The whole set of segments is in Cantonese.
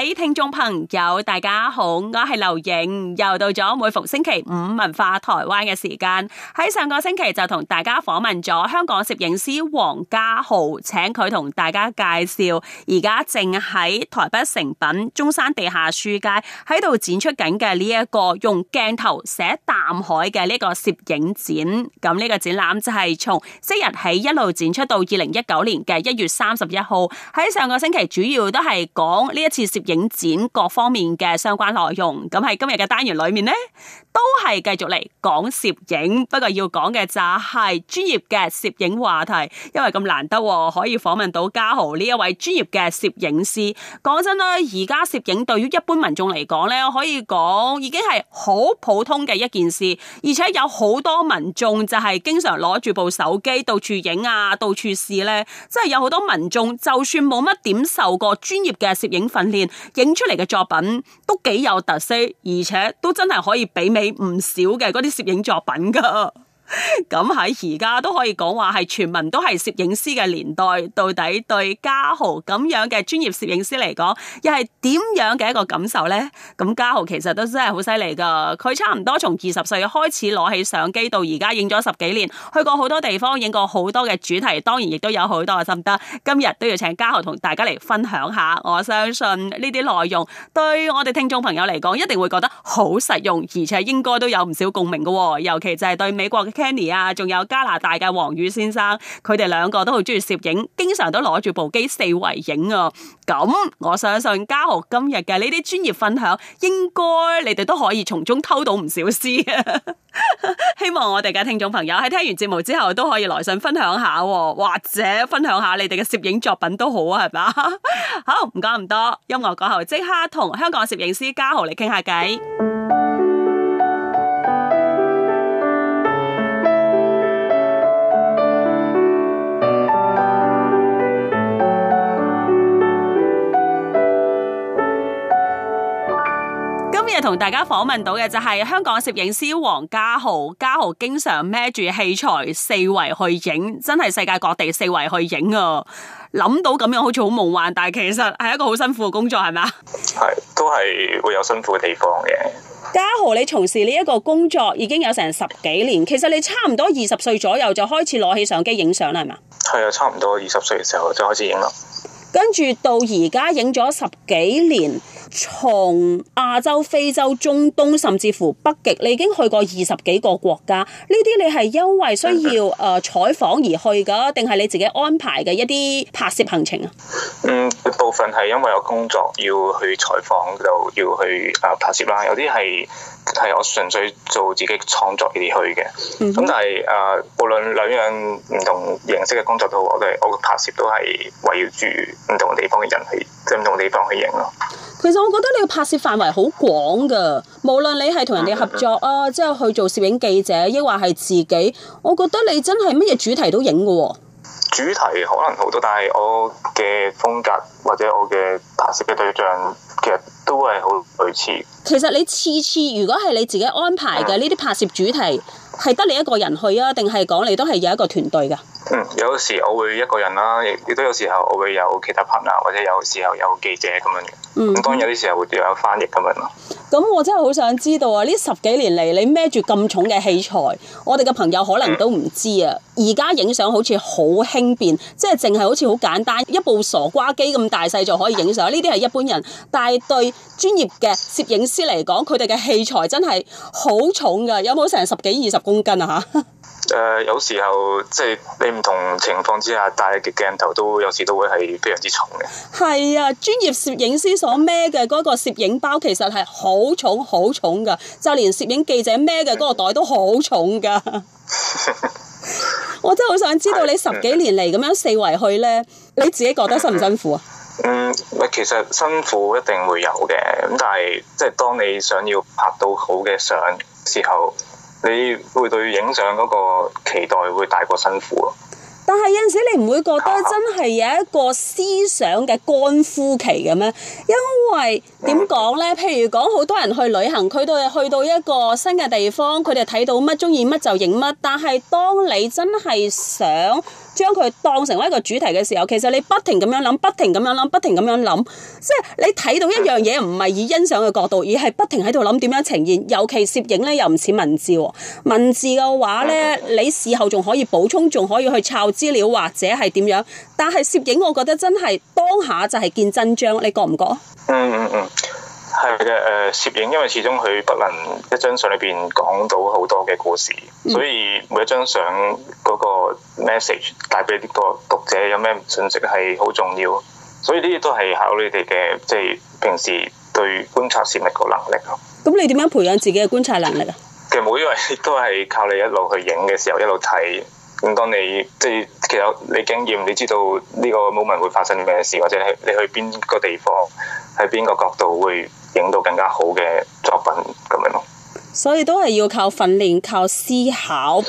喺、hey，聽眾朋友，大家好，我係劉影，又到咗每逢星期五文化台灣嘅時間。喺上個星期就同大家訪問咗香港攝影師王嘉豪，請佢同大家介紹而家正喺台北誠品中山地下書街喺度展出緊嘅呢一個用鏡頭寫淡海嘅呢個攝影展。咁呢個展覽就係從即日起一路展出到二零一九年嘅一月三十一號。喺上個星期主要都係講呢一次攝影展各方面嘅相關內容，咁喺今日嘅單元裏面咧，都係繼續嚟講攝影，不過要講嘅就係專業嘅攝影話題，因為咁難得可以訪問到嘉豪呢一位專業嘅攝影師。講真啦，而家攝影對於一般民眾嚟講咧，可以講已經係好普通嘅一件事，而且有好多民眾就係經常攞住部手機到處影啊，到處試咧啊，即係有好多民眾就算冇乜點受過專業嘅攝影訓練。影出嚟嘅作品都幾有特色，而且都真係可以媲美唔少嘅嗰啲攝影作品噶。咁喺而家都可以講話係全民都係攝影師嘅年代，到底對嘉豪咁樣嘅專業攝影師嚟講，又係點樣嘅一個感受呢？咁嘉豪其實都真係好犀利噶，佢差唔多從二十歲開始攞起相機到而家影咗十幾年，去過好多地方，影過好多嘅主題，當然亦都有好多嘅心得。今日都要請嘉豪同大家嚟分享下，我相信呢啲內容對我哋聽眾朋友嚟講，一定會覺得好實用，而且應該都有唔少共鳴噶喎，尤其就係對美國嘅 Kenny 啊，仲有加拿大嘅黃宇先生，佢哋兩個都好中意攝影，經常都攞住部機四圍影啊。咁我相信嘉豪今日嘅呢啲專業分享，應該你哋都可以從中偷到唔少師啊。 希望我哋嘅聽眾朋友喺聽完節目之後，都可以來信分享下啊，或者分享下你哋嘅攝影作品都好啊，係嘛？ 好，唔講咁多，音樂過後即刻同香港攝影師嘉豪嚟傾下偈。同大家訪問到嘅就係香港攝影師王嘉豪，嘉豪經常孭住器材四圍去影，真係世界各地四圍去影啊！諗到咁樣好似好夢幻，但係其實係一個好辛苦嘅工作，係咪啊？係，都係會有辛苦嘅地方嘅。嘉豪，你從事呢一個工作已經有成十幾年，其實你差唔多二十歲左右就開始攞起相機影相啦，係咪？係啊，差唔多二十歲嘅時候就開始影咯。跟住到而家影咗十幾年，從亞洲、非洲、中東甚至乎北極，你已經去過二十幾個國家。呢啲你係因為需要誒採訪而去噶定係你自己安排嘅一啲拍攝行程啊？嗯，部分係因為有工作要去採訪就要去誒拍攝啦。有啲係係我純粹做自己創作而去嘅。嗯哼。咁但係誒無論兩樣唔同形式嘅工作都，我哋我嘅拍攝都係圍繞住。唔同地方嘅人去，即唔同地方去影咯。其實我覺得你嘅拍攝範圍好廣噶，無論你係同人哋合作啊，即係去做攝影記者，抑或係自己，我覺得你真係乜嘢主題都影噶。主題可能好多，但係我嘅風格或者我嘅拍攝嘅對象，其實都係好類似。其實你次次如果係你自己安排嘅呢啲拍攝主題，係得你一個人去啊，定係講你都係有一個團隊噶？嗯，有時我會一個人啦，亦都有時候我會有其他朋友，或者有時候有記者咁樣嘅。咁當然有啲時候會有翻譯咁樣咯。咁、嗯、我真係好想知道啊！呢十幾年嚟，你孭住咁重嘅器材，我哋嘅朋友可能都唔知啊！而家影相好似好輕便，即係淨係好似好簡單，一部傻瓜機咁大細就可以影相。呢啲係一般人，但係對專業嘅攝影師嚟講，佢哋嘅器材真係好重噶，有冇成十幾二十公斤啊？嚇！ 誒、uh, 有時候即係、就是、你唔同情況之下帶嘅鏡頭都有時都會係非常之重嘅。係啊，專業攝影師所孭嘅嗰個攝影包其實係好重好重㗎，就連攝影記者孭嘅嗰個袋都好重㗎。 我真係好想知道你十幾年嚟咁樣四圍去咧， 你自己覺得辛唔辛苦啊？嗯，咪其實辛苦一定會有嘅，但係即係當你想要拍到好嘅相時候。你會對影相嗰個期待會大過辛苦，但係有陣時你唔會覺得真係有一個思想嘅乾枯期噉樣。因為點講呢？譬如講好多人去旅行，佢都係去到一個新嘅地方，佢哋睇到乜中意乜就影乜。但係當你真係想將佢當成為一個主題嘅時候，其實你不停咁樣諗，不停咁樣諗，不停咁樣諗，即係你睇到一樣嘢唔係以欣賞嘅角度，而係不停喺度諗點樣呈現。尤其攝影咧，又唔似文字，哦，文字嘅話咧，你事後仲可以補充，仲可以去抄資料或者係點樣。但係攝影，我覺得真係當下就係見真章，你覺唔覺？嗯嗯嗯。嗯嗯係嘅，誒、呃、攝影，因為始終佢不能一張相裏邊講到好多嘅故事，嗯、所以每一張相嗰個 message 帶俾呢個讀者有咩信息係好重要，所以呢啲都係考慮你哋嘅，即、就、係、是、平時對觀察事物嘅能力。咁你點樣培養自己嘅觀察能力啊？其實每一位都係靠你一路去影嘅時候一路睇，咁當你即係其實你經驗，你知道呢個 moment 會發生啲咩事，或者係你去邊個地方，喺邊個角度會。影到更加好嘅作品咁樣咯，所以都係要靠訓練、靠思考。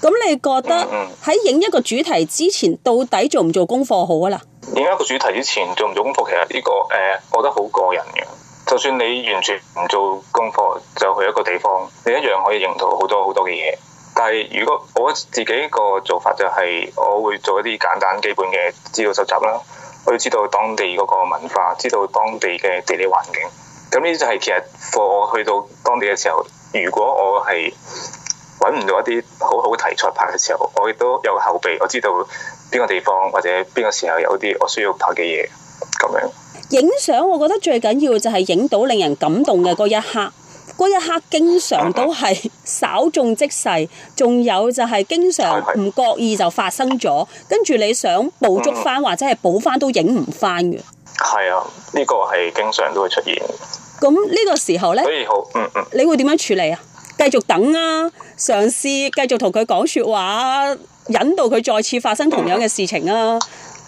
咁你覺得喺影一,一個主題之前，到底做唔做功課好啊？啦，影一個主題之前做唔做功課，其實呢、這個誒、呃，我覺得好個人嘅。就算你完全唔做功課，就去一個地方，你一樣可以影到好多好多嘅嘢。但係如果我自己個做法就係，我會做一啲簡單基本嘅資料收集啦，去知道當地嗰個文化，知道當地嘅地理環境。咁呢啲就係其實貨我去到當地嘅時候，如果我係揾唔到一啲好好題材拍嘅時候，我亦都有後備，我知道邊個地方或者邊個時候有啲我需要拍嘅嘢咁樣。影相，我覺得最緊要就係影到令人感動嘅嗰一刻，嗰一刻經常都係稍縱即逝，仲有就係經常唔覺意就發生咗，跟住你想捕捉翻或者係補翻都影唔翻嘅。係啊，呢個係經常都會出現。咁呢個時候咧，所以好嗯嗯，嗯你會點樣處理啊？繼續等啊，嘗試繼續同佢講說話，引導佢再次發生同樣嘅事情啊？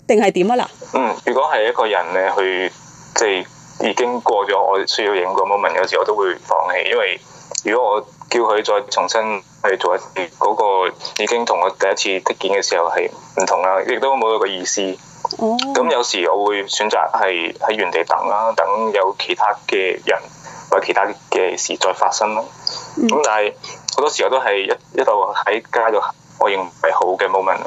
定係點啊？嗱，嗯，如果係一個人咧，去即係已經過咗我需要影嗰 moment 嘅時候，我都會放棄，因為如果我。叫佢再重新去做一次嗰個，已經同我第一次睇見嘅時候係唔同啦，亦都冇一個意思。咁有時我會選擇係喺原地等啦，等有其他嘅人或其他嘅事再發生啦。咁但係好多時候都係一路喺街度，我認為好嘅 moment。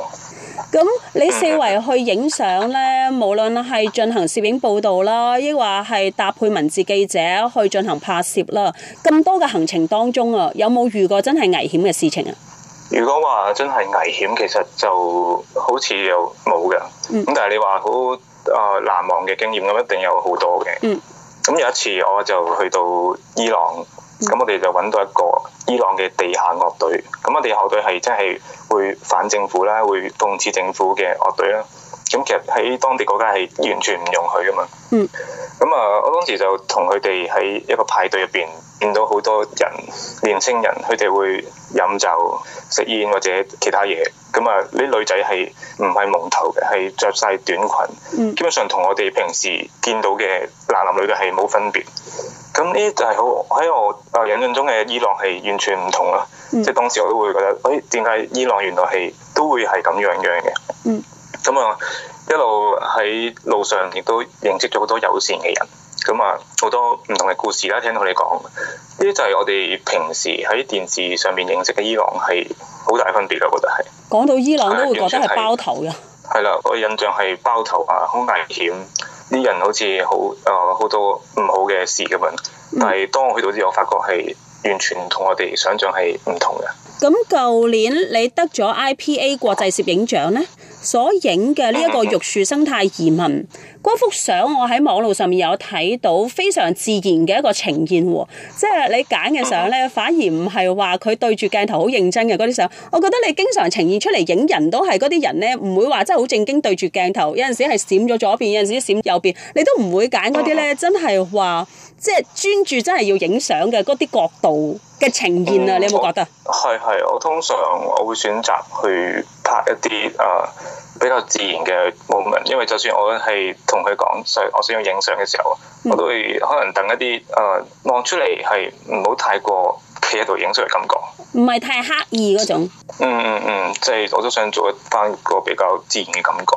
咁你四圍去影相咧，無論係進行攝影報道啦，抑或係搭配文字記者去進行拍攝啦。咁多嘅行程當中啊，有冇遇過真係危險嘅事情啊？如果話真係危險，其實就好似又冇嘅。咁、嗯、但係你話好啊難忘嘅經驗，咁一定有好多嘅。咁、嗯、有一次我就去到伊朗。咁我哋就揾到一個伊朗嘅地下樂隊，咁我哋後隊係真係會反政府啦，會諷刺政府嘅樂隊啦。咁其實喺當地國家係完全唔容許噶嘛。嗯。咁啊，我當時就同佢哋喺一個派對入邊見到好多人，年青人佢哋會飲酒、食煙或者其他嘢。咁啊，呢女仔係唔係蒙頭嘅，係着晒短裙，基本上同我哋平時見到嘅男男女女嘅係冇分別。咁呢就係好喺我啊印象中嘅伊朗係完全唔同咯，嗯、即係當時我都會覺得，哎點解伊朗原來係都會係咁樣樣嘅？嗯，咁啊一路喺路上亦都認識咗好多友善嘅人，咁啊好多唔同嘅故事啦，聽到你講，呢啲就係我哋平時喺電視上面認識嘅伊朗係好大分別咯，我覺得係。講到伊朗，都會覺得係包頭嘅。係啦、啊，我印象係包頭啊，好危險，啲人好似、呃呃、好啊好多唔好嘅事咁樣，嗯、但係當我去到之後我發覺係完全我同我哋想象係唔同嘅。咁舊年你得咗 IPA 國際攝影獎咧？所影嘅呢一個玉樹生態移民嗰幅相，我喺網路上面有睇到非常自然嘅一個呈現喎，哦。即係你揀嘅相咧，反而唔係話佢對住鏡頭好認真嘅嗰啲相。我覺得你經常呈現出嚟影人都係嗰啲人咧，唔會話真係好正經對住鏡頭。有陣時係閃咗左邊，有陣時閃右邊，你都唔會揀嗰啲咧，真係話即係專注真係要影相嘅嗰啲角度。嘅呈現啊，嗯、你有冇覺得？係係，我通常我會選擇去拍一啲誒、呃、比較自然嘅 moment，因為就算我係同佢講，所以我想要影相嘅時候，嗯、我都會可能等一啲誒望出嚟，係唔好太過企喺度影出嚟感覺，唔係太刻意嗰種。嗯嗯嗯，即、嗯、係、就是、我都想做一翻個比較自然嘅感覺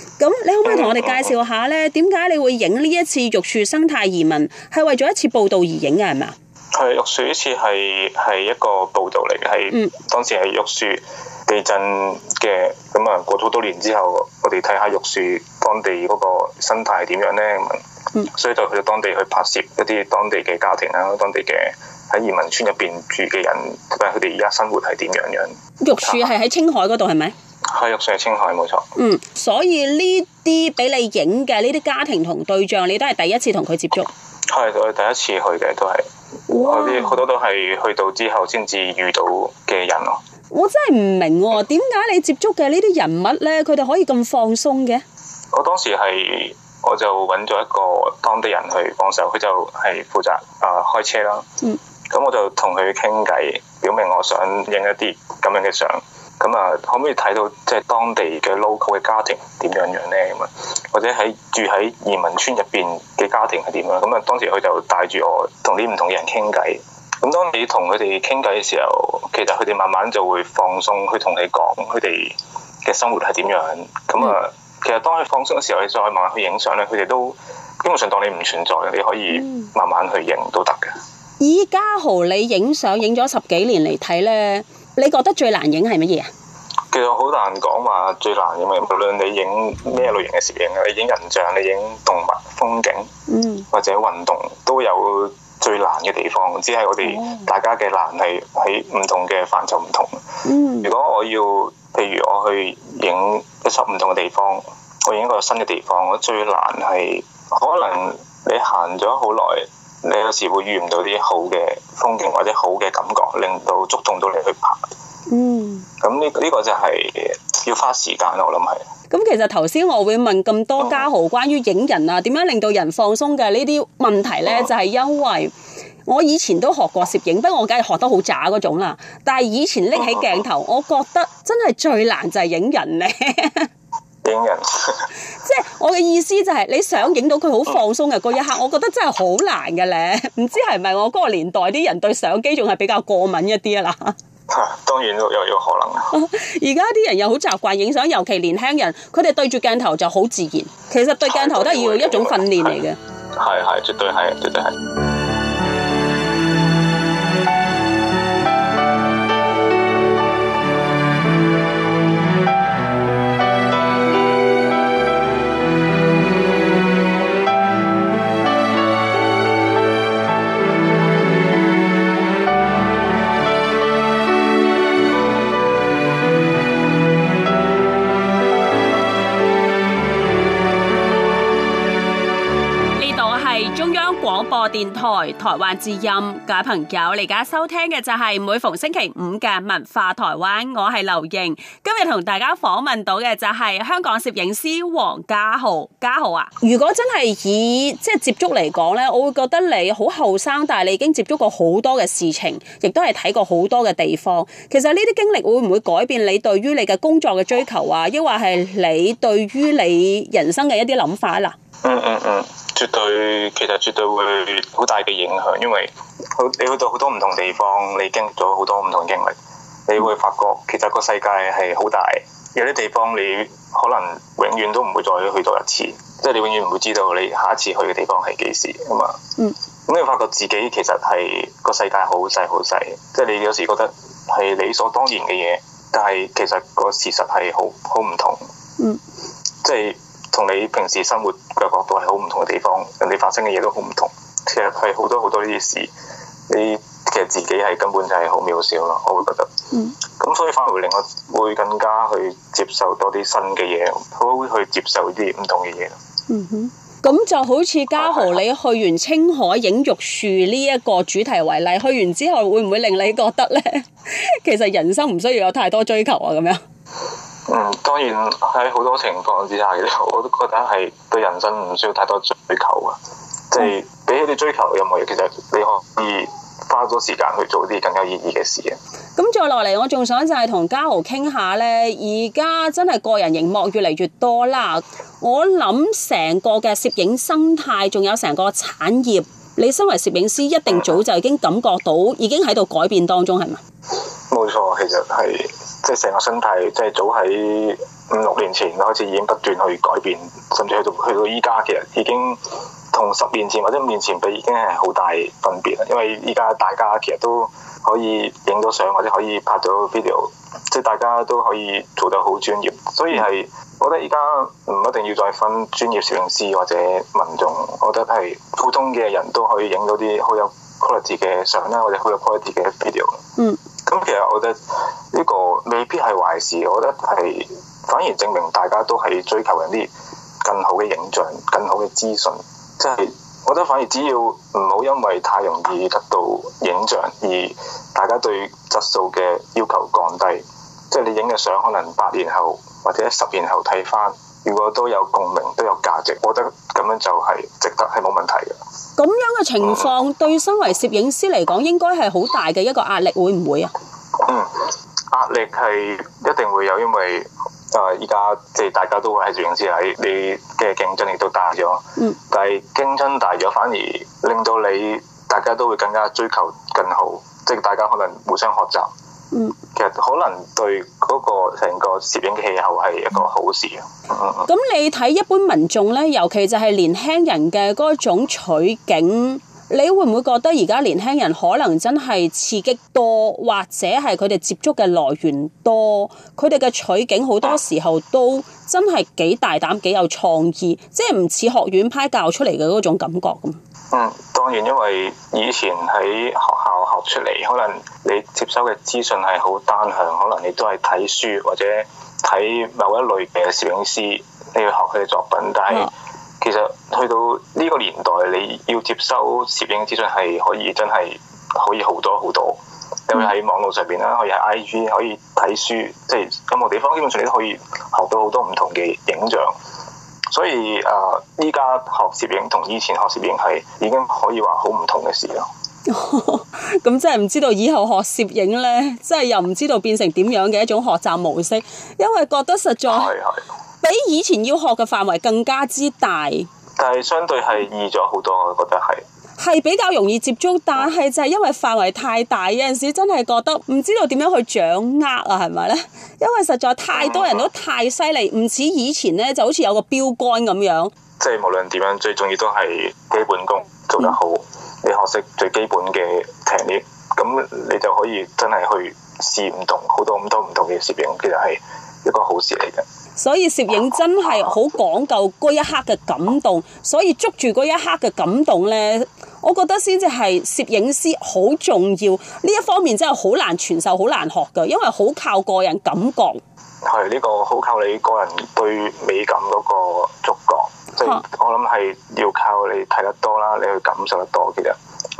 咁，你可唔可以同我哋介紹下咧？點解你會影呢一次玉樹生態移民？係為咗一次報導而影嘅係咪啊？係玉樹呢次係係一個報導嚟嘅，係當時係玉樹地震嘅，咁啊過咗多年之後，我哋睇下玉樹當地嗰個生態係點樣咧？嗯，所以就去到當地去拍攝一啲當地嘅家庭啦，當地嘅喺移民村入邊住嘅人，但係佢哋而家生活係點樣樣？玉樹係喺青海嗰度係咪？係玉樹青海冇錯。嗯，所以呢啲俾你影嘅呢啲家庭同對象，你都係第一次同佢接觸。係我第一次去嘅，都係。哇！好多都係去到之後先至遇到嘅人咯。我真係唔明喎，哦，點解，嗯、你接觸嘅呢啲人物咧，佢哋可以咁放鬆嘅？我當時係，我就揾咗一個當地人去幫手，佢就係負責啊，呃，開車啦。嗯。咁我就同佢傾偈，表明我想影一啲咁樣嘅相。咁啊，可唔可以睇到即係、就是、當地嘅 local 嘅家庭點樣樣咧？咁啊，或者喺住喺移民村入邊嘅家庭係點樣？咁啊，當時佢就帶住我同啲唔同嘅人傾偈。咁當你同佢哋傾偈嘅時候，其實佢哋慢慢就會放鬆，去同你講佢哋嘅生活係點樣。咁啊，其實當佢放鬆嘅時候，你再慢慢去影相咧，佢哋都基本上當你唔存在，你可以慢慢去影都得嘅。依家豪，你影相影咗十幾年嚟睇咧，你覺得最難影係乜嘢啊？其實好難講話最難影啊！無論你影咩類型嘅攝影啊，你影人像，你影動物、風景，嗯，或者運動都有最難嘅地方，只係我哋大家嘅難係喺唔同嘅範疇唔同。嗯，如果我要，譬如我去影一輯唔同嘅地方，我影一個新嘅地方，我最難係可能你行咗好耐。你有時會遇唔到啲好嘅風景或者好嘅感覺，令到觸動到你去拍。嗯。咁呢呢個就係要花時間咯，嗯，我諗係。咁、嗯、其實頭先我會問咁多嘉豪關於影人啊，點樣令到人放鬆嘅呢啲問題呢？嗯嗯、就係因為我以前都學過攝影，不過我梗係學得好渣嗰種啦。但係以前拎起鏡頭，我覺得真係最難就係影人呢。呵呵即係我嘅意思就係你想影到佢好放鬆嘅嗰一刻，我覺得真係好難嘅咧。唔知係咪我嗰個年代啲人對相機仲係比較過敏一啲啊？嗱，吓當然都有有可能。而家啲人又好習慣影相，尤其年輕人，佢哋對住鏡頭就好自然。其實對鏡頭都係要一種訓練嚟嘅。係係絕對係絕對係。台灣之音，各位朋友，你而家收聽嘅就係每逢星期五嘅文化台灣，我係劉瑩。今日同大家訪問到嘅就係香港攝影師王嘉豪，嘉豪啊！如果真係以即係、就是、接觸嚟講呢，我會覺得你好後生，但係你已經接觸過好多嘅事情，亦都係睇過好多嘅地方。其實呢啲經歷會唔會改變你對於你嘅工作嘅追求啊？抑或係你對於你人生嘅一啲諗法啊？嗯嗯嗯，絕對其實絕對會好大嘅影響，因為好你去到好多唔同地方，你經歷咗好多唔同經歷，嗯、你會發覺其實個世界係好大，有啲地方你可能永遠都唔會再去到一次，即係你永遠唔會知道你下一次去嘅地方係幾時啊、嗯、嘛。嗯。咁你發覺自己其實係個世界好細好細，即係你有時覺得係理所當然嘅嘢，但係其實個事實係好好唔同。嗯。即係同你平時生活。個角度係好唔同嘅地方，人哋發生嘅嘢都好唔同。其實係好多好多呢啲事，你其實自己係根本就係好渺小咯。我會覺得，咁、嗯、所以反而會令我會更加去接受多啲新嘅嘢，好會去接受啲唔同嘅嘢。嗯哼，咁就好似嘉豪你去完青海影玉樹呢一個主題為例，的去完之後會唔會令你覺得咧，其實人生唔需要有太多追求啊？咁樣。嗯，當然喺好多情況之下，我都覺得係對人生唔需要太多追求嘅，即、就、係、是、比起啲追求嘅任何嘢，其實你可以花咗時間去做啲更有意義嘅事嘅。咁再落嚟，我仲想就係同嘉豪傾下呢，而家真係個人熒幕越嚟越多啦。我諗成個嘅攝影生態，仲有成個產業，你身為攝影師，一定早就已經感覺到，嗯、已經喺度改變當中，係嘛？冇錯，其實係。即係成個生態，即係早喺五六年前開始已經不斷去改變，甚至去到去到依家，其實已經同十年前或者五年前比已經係好大分別啦。因為依家大家其實都可以影到相或者可以拍到 video，即係大家都可以做到好專業。所以係，我覺得依家唔一定要再分專業攝影師或者民眾，我覺得係普通嘅人都可以影到啲好有 quality 嘅相啦，或者好有 quality 嘅 video。咁其實我覺得呢個未必係壞事，我覺得係反而證明大家都係追求啲更好嘅影像、更好嘅資訊，即係我覺得反而只要唔好因為太容易得到影像而大家對質素嘅要求降低，即係你影嘅相可能八年後或者十年後睇翻。如果都有共鳴，都有價值，我覺得咁樣就係值得，係冇問題嘅。咁樣嘅情況、嗯、對身為攝影師嚟講，應該係好大嘅一個壓力，會唔會啊？嗯，壓力係一定會有，因為啊，依家即係大家都會係攝影師嚟，你嘅競爭力都大咗。嗯。但係競爭大咗，反而令到你大家都會更加追求更好，即係大家可能互相學習。嗯，其實可能對嗰個成個攝影氣候係一個好事啊！咁、嗯嗯、你睇一般民眾咧，尤其就係年輕人嘅嗰種取景。你會唔會覺得而家年輕人可能真係刺激多，或者係佢哋接觸嘅來源多，佢哋嘅取景好多時候都真係幾大膽、幾有創意，即係唔似學院派教出嚟嘅嗰種感覺咁。嗯，當然，因為以前喺學校學出嚟，可能你接收嘅資訊係好單向，可能你都係睇書或者睇某一類嘅攝影師，你要學佢嘅作品，但係，嗯其實去到呢個年代，你要接收攝影資訊係可以真係可以好多好多，因為喺網絡上邊啦，可以喺 IG 可以睇書，即係任何地方基本上你都可以學到好多唔同嘅影像。所以啊，呃，依家學攝影同以前學攝影係已經可以話好唔同嘅事咯。咁真係唔知道以後學攝影咧，即係又唔知道變成點樣嘅一種學習模式，因為覺得實在係係。是是是比以前要學嘅範圍更加之大，但係相對係易咗好多，我覺得係係比較容易接觸，但係就係因為範圍太大，有陣時真係覺得唔知道點樣去掌握啊，係咪咧？因為實在太多人都太犀利，唔似、嗯、以前咧，就好似有個標杆咁樣。即係無論點樣，最重要都係基本功做得好。嗯、你學識最基本嘅踢 lift，咁你就可以真係去試唔同好多咁多唔同嘅攝影，其實係一個好事嚟嘅。所以攝影真係好講究嗰一刻嘅感動，所以捉住嗰一刻嘅感動呢，我覺得先至係攝影師好重要。呢一方面真係好難傳授、好難學噶，因為好靠個人感覺。係，呢個好靠你個人對美感嗰個觸覺，即係我諗係要靠你睇得多啦，你去感受得多嘅。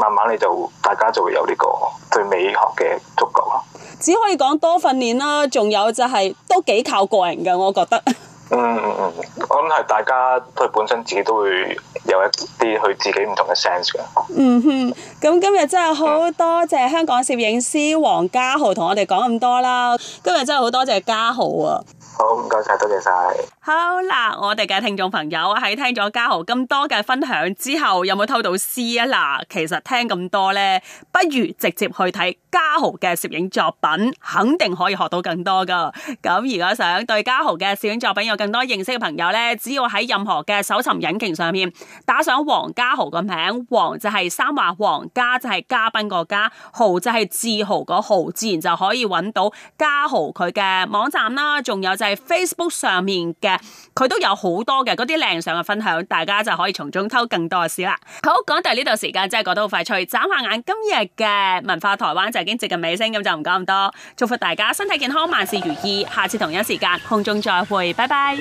慢慢你就大家就會有呢個對美學嘅觸覺咯，只可以講多訓練啦，仲有就係、是、都幾靠個人噶，我覺得。嗯嗯嗯，我諗係大家都係本身自己都會有一啲佢自己唔同嘅 sense 嘅。嗯哼，咁今日真係好多謝香港攝影師王嘉豪同我哋講咁多啦，今日真係好多謝嘉豪啊！好，唔該晒，多謝晒。好啦，我哋嘅聽眾朋友喺聽咗嘉豪咁多嘅分享之後，有冇偷到師啊？嗱，其實聽咁多咧，不如直接去睇嘉豪嘅攝影作品，肯定可以學到更多噶。咁如果想對嘉豪嘅攝影作品有更多認識嘅朋友咧，只要喺任何嘅搜尋引擎上面打上王嘉豪個名，王就係三畫王，嘉，就係嘉賓個嘉，豪就係自豪個豪，自然就可以揾到嘉豪佢嘅網站啦。仲有就係 Facebook 上面嘅。佢都有好多嘅嗰啲靚相嘅分享，大家就可以從中偷更多嘅事啦。好，講到呢度，時間真係覺得好快脆，眨下眼，今日嘅文化台灣就已經接近尾聲咁，就唔講咁多。祝福大家身體健康，萬事如意。下次同一時間，空中再會，拜拜。